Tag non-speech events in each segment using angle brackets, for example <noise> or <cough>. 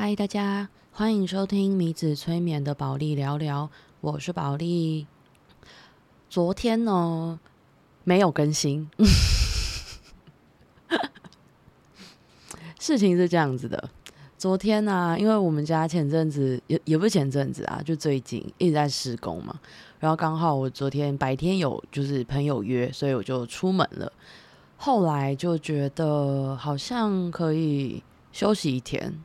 嗨，Hi, 大家，歡迎收聽米子催眠的保利聊聊，我是保利。昨天呢、哦、沒有更新， <laughs> 事情是這樣子的，昨天呢、啊，因為我們家前陣子也也不是前陣子啊，就最近一直在施工嘛，然後剛好我昨天白天有就是朋友約，所以我就出門了，後來就覺得好像可以休息一天。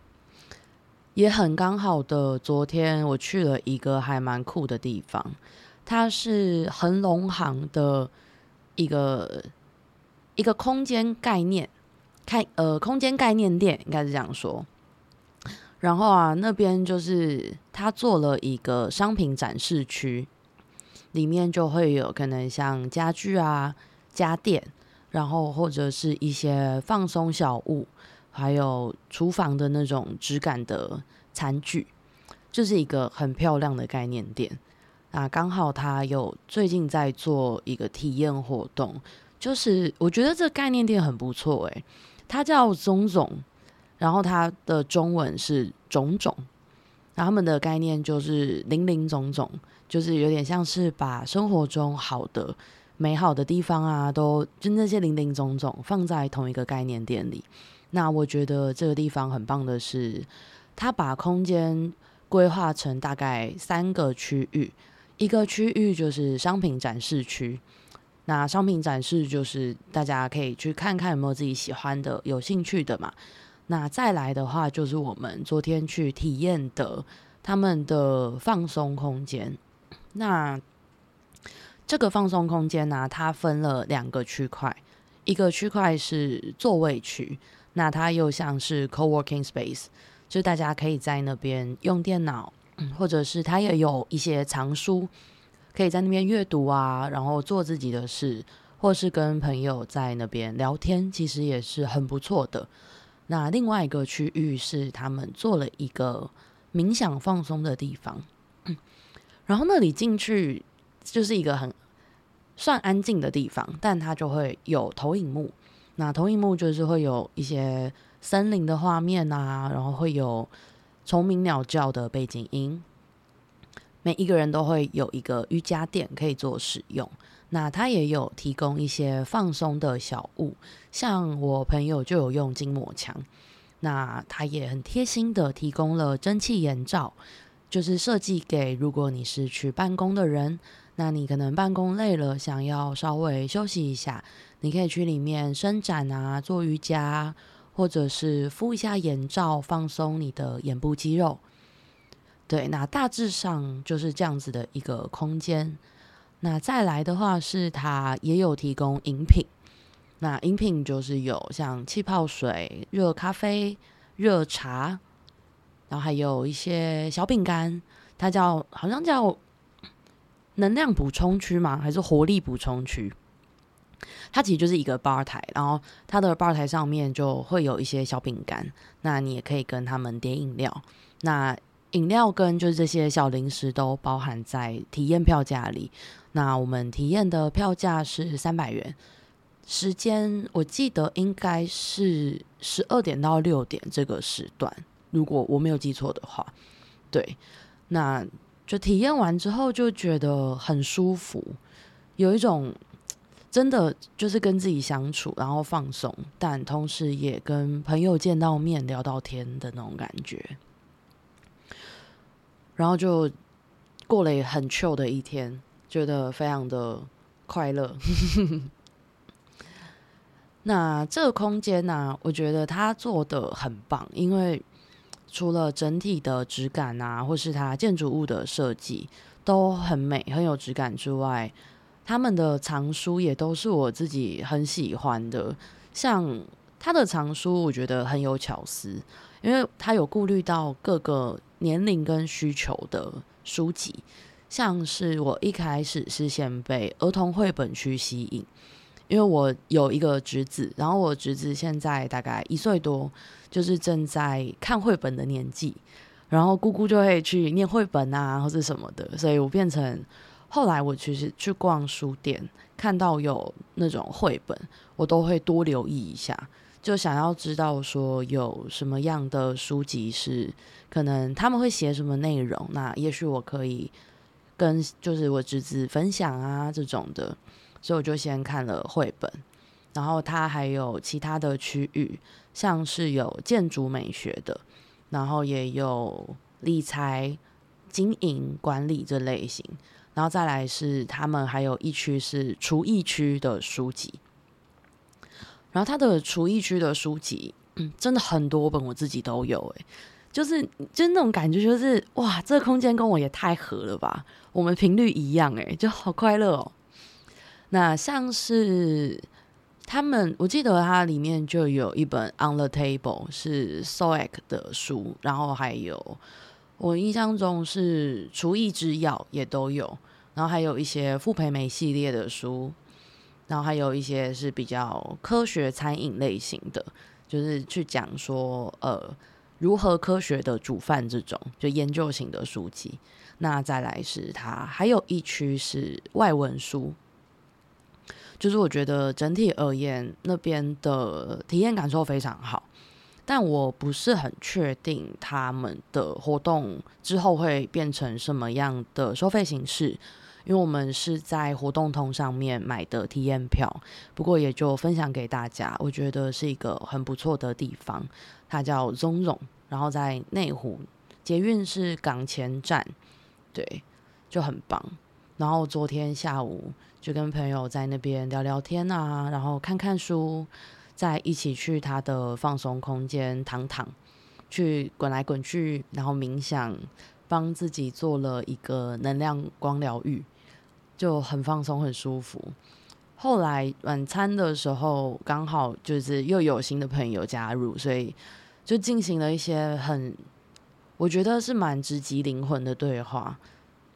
也很剛好的，昨天我去了一個還蠻酷的地方，它是恆隆行的一個一個空間概念，看呃空間概念店應該是這樣說。然後啊，那邊就是他做了一個商品展示區，裡面就會有可能像家具啊家電，然後或者是一些放鬆小物。還有廚房的那種質感的餐具，就是一個很漂亮的概念店。啊，剛好它有最近在做一個體驗活動，就是我覺得這個概念店很不錯誒。它叫 zonezone，然後它的中文是種種，那他們的概念就是林林總總，就是有點像是把生活中好的、美好的地方啊，都就那些林林總總放在同一個概念店裡。那我覺得這個地方很棒的是，它把空間規劃成大概三個區域，一個區域就是商品展示區，那商品展示就是大家可以去看看有沒有自己喜歡的、有興趣的嘛。那再來的話，就是我們昨天去體驗的他們的放鬆空間。那這個放鬆空間呢、啊，它分了兩個區塊，一個區塊是座位區。那它又像是 co-working space，就是大家可以在那邊用電腦，嗯，或者是它也有一些藏書，可以在那邊閱讀啊，然後做自己的事，或是跟朋友在那邊聊天，其實也是很不錯的。那另外一個區域是他們做了一個冥想放鬆的地方，嗯，然後那裡進去就是一個很算安靜的地方，但它就會有投影幕。那投影幕就是會有一些森林的畫面啊，然後會有蟲鳴鳥叫的背景音。每一個人都會有一個瑜伽墊可以做使用。那他也有提供一些放鬆的小物，像我朋友就有用筋膜槍。那他也很貼心的提供了蒸汽眼罩，就是設計給如果你是去辦公的人，那你可能辦公累了，想要稍微休息一下。你可以去裡面伸展啊，做瑜伽，或者是敷一下眼罩，放鬆你的眼部肌肉。對，那大致上就是這樣子的一個空間。那再來的話是，它也有提供飲品。那飲品就是有像氣泡水、熱咖啡、熱茶，然後還有一些小餅乾。它叫好像叫能量補充區嗎？還是活力補充區？它其實就是一個吧台，然後它的吧台上面就會有一些小餅乾，那你也可以跟他們點飲料。那飲料跟就是這些小零食都包含在體驗票價裡。那我們體驗的票價是三百元，時間我記得應該是十二點到六點這個時段，如果我沒有記錯的話。對，那就體驗完之後就覺得很舒服，有一種。真的就是跟自己相處，然後放鬆，但同時也跟朋友見到面聊到天的那種感覺，然後就過了很 chill 的一天，覺得非常的快樂。 <laughs> 那這個空間呢、啊，我覺得它做得很棒，因為除了整體的質感啊，或是它建築物的設計都很美，很有質感之外。他們的藏書也都是我自己很喜歡的，像他的藏書，我覺得很有巧思，因為他有顧慮到各個年齡跟需求的書籍。像是我一開始是先被兒童繪本區吸引，因為我有一個侄子，然後我侄子現在大概一歲多，就是正在看繪本的年紀，然後姑姑就會去念繪本啊，或是什麼的，所以我變成。後來我其實去逛書店，看到有那種繪本，我都會多留意一下，就想要知道說有什麼樣的書籍是可能他們會寫什麼內容。那也許我可以跟就是我侄子分享啊這種的，所以我就先看了繪本。然後它還有其他的區域，像是有建築美學的，然後也有理財、經營管理這類型。然後再來是他們還有一區是廚藝區的書籍，然後他的廚藝區的書籍、嗯、真的很多本，我自己都有哎、欸，就是就那種感覺，就是哇，這個空間跟我也太合了吧，我們頻率一樣哎、欸，就好快樂哦。那像是他們，我記得他裡面就有一本《On the Table》是 Soac 的書，然後還有。我印象中是廚藝之鑰也都有，然後還有一些傅培梅系列的書，然後還有一些是比較科學餐飲類型的，就是去講說呃如何科學的煮飯這種就研究型的書籍。那再來是它還有一區是外文書，就是我覺得整體而言那邊的體驗感受非常好。但我不是很確定他們的活動之後會變成什麼樣的收費形式，因為我們是在活動通上面買的體驗票，不過也就分享給大家。我覺得是一個很不錯的地方，它叫 zonezone，然後在內湖捷運是港墘站，對，就很棒。然後昨天下午就跟朋友在那邊聊聊天啊，然後看看書。再一起去他的放鬆空間躺躺，去滾來滾去，然後冥想，幫自己做了一個能量光療浴，就很放鬆很舒服。後來晚餐的時候，剛好就是又有新的朋友加入，所以就進行了一些很，我覺得是蠻直擊靈魂的對話，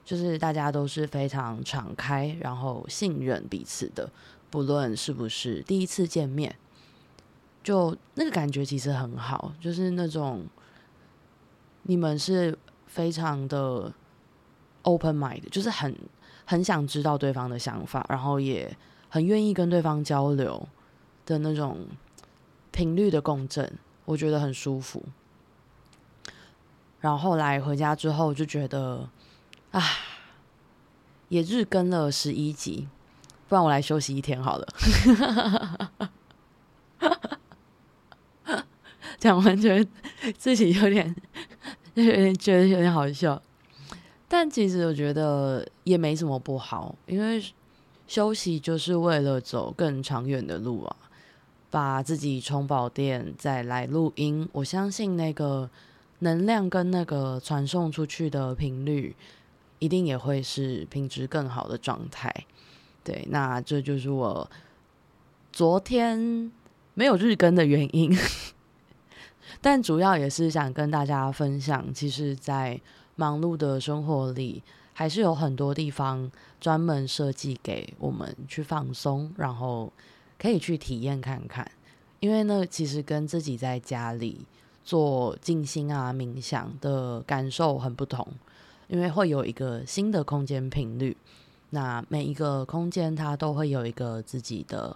就是大家都是非常敞開，然後信任彼此的，不論是不是第一次見面。就那個感覺其實很好，就是那種你們是非常的 open mind，就是很很想知道對方的想法，然後也很願意跟對方交流的那種頻率的共振，我覺得很舒服。然後來回家之後就覺得啊，也日更了十一集，不然我來休息一天好了。 <laughs> 講完覺得自己有點就有點覺得有點好笑，但其實我覺得也沒什麼不好，因為休息就是為了走更長遠的路啊！把自己充飽電再來錄音，我相信那個能量跟那個傳送出去的頻率，一定也會是品質更好的狀態。對，那這就是我昨天沒有日更的原因。但主要也是想跟大家分享，其實，在忙碌的生活裡，還是有很多地方專門設計給我們去放鬆，然後可以去體驗看看。因為呢，其實跟自己在家裡做靜心啊、冥想的感受很不同，因為會有一個新的空間頻率。那每一個空間，它都會有一個自己的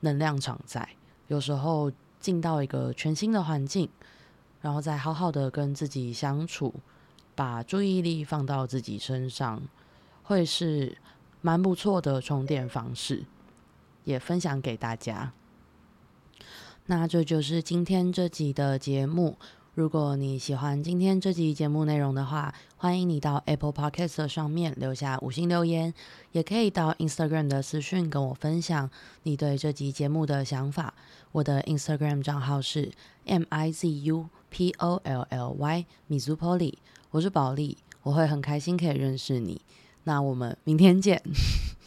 能量場在，有時候。進到一個全新的環境，然後再好好的跟自己相處，把注意力放到自己身上，會是蠻不錯的充電方式，也分享給大家。那這就是今天這集的節目。如果你喜歡今天這集節目內容的話，歡迎你到 Apple Podcast 上面留下五星留言，也可以到 Instagram 的私訊跟我分享你對這集節目的想法。我的 Instagram 賬號是 M I Z U P O L L Y Mizupolly，我是保利，我會很開心可以認識你。那我們明天見。 <laughs>